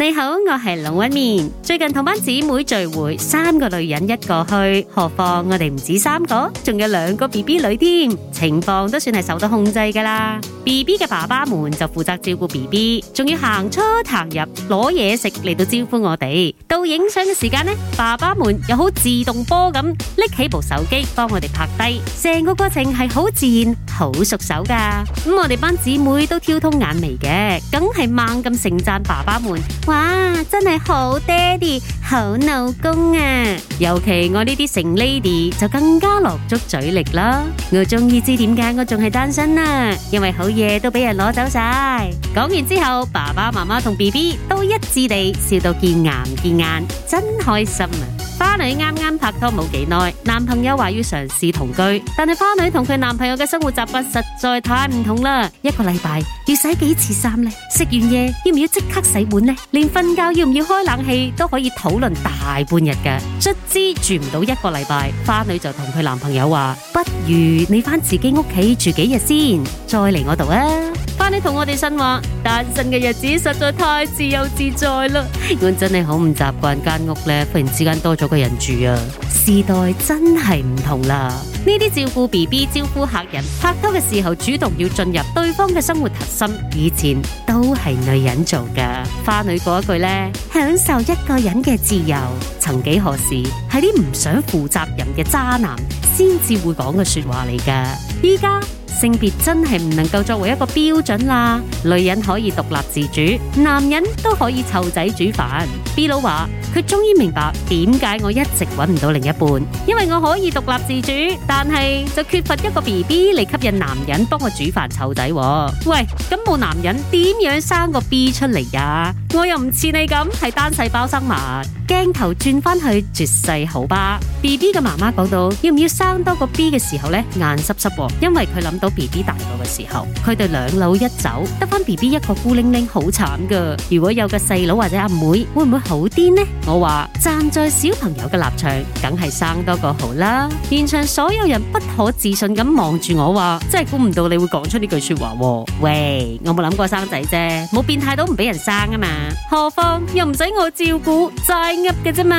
你好，我係龍紋敏。最近同班姊妹聚會，三個女人一個墟，何況我哋唔止三個，仲有兩個 B B 女添，情況都算係受到控制噶啦。B B 嘅爸爸們就負責照顧 B B，仲要行出行入攞嘢食嚟到招呼我哋。到影相嘅時間呢，爸爸們又好自動波咁拎起部手機幫我哋拍低，成個過程係好自然、好熟手噶。咁、嗯、我哋班姊妹都挑通眼眉嘅，梗係猛咁盛讚爸爸們。哇，真係好爹哋，好老公啊！尤其我呢啲成 lady 就更加落足嘴力啦！我終於知點解我仲係單身啦，因為好嘢都俾人攞走晒。講完之後，爸爸媽媽同 BB 都一致地笑到見牙唔見眼，真開心啊！花女啱啱拍拖冇幾耐，男朋友話要嘗試同居，但係花女同佢男朋友嘅生活習慣實在太唔同啦。一個禮拜要洗幾次衫呢？食完嘢要唔要即刻洗碗呢？連瞓覺要唔要開冷氣都可以討論大半日㗎。卒之住唔到一個禮拜，花女就同佢男朋友話： 不如你返自己屋企住幾日先，再嚟我度啊！你同我哋新話單身嘅日子實在太自由自在啦！我真係好唔習慣間屋咧，忽然之間多咗個人住啊！時代真係唔同啦！呢啲照顧 BB、招呼客人、拍拖嘅時候主動要進入對方嘅生活核心，以前都係女人做噶。花女一句咧，享受一個人嘅自由。曾幾何時，係啲唔想負責任嘅渣男先至會講嘅說話嚟噶。依家。性別真係唔能夠作為一個標準啦，女人可以獨立自主，男人都可以湊仔煮飯。B 佬話佢終於明白點解我一直揾唔到另一半，因為我可以獨立自主，但係就缺乏一個 B B 嚟吸引男人幫我煮飯湊仔。喂，咁冇男人點樣生個 B 出嚟呀、啊？我又唔似你咁係單細胞生物。鏡頭轉翻去絕世好 B，B B 嘅媽媽講到，要唔要生多個 B 嘅時候呢？眼濕濕，因為佢諗到。B B 大個嘅時候，佢哋兩老一走，得翻 B B 一個孤零零，好慘噶。如果有個細佬或者阿妹，妹，會唔會好啲呢？我話站在小朋友嘅立場，梗係生多個好啦。現場所有人不可置信咁望住我，話真係估唔到你會講出呢句說話。喂，我冇諗過生仔啫，冇變態到唔俾人生啊嘛，何況又唔使我照顧，齋噏嘅啫嘛。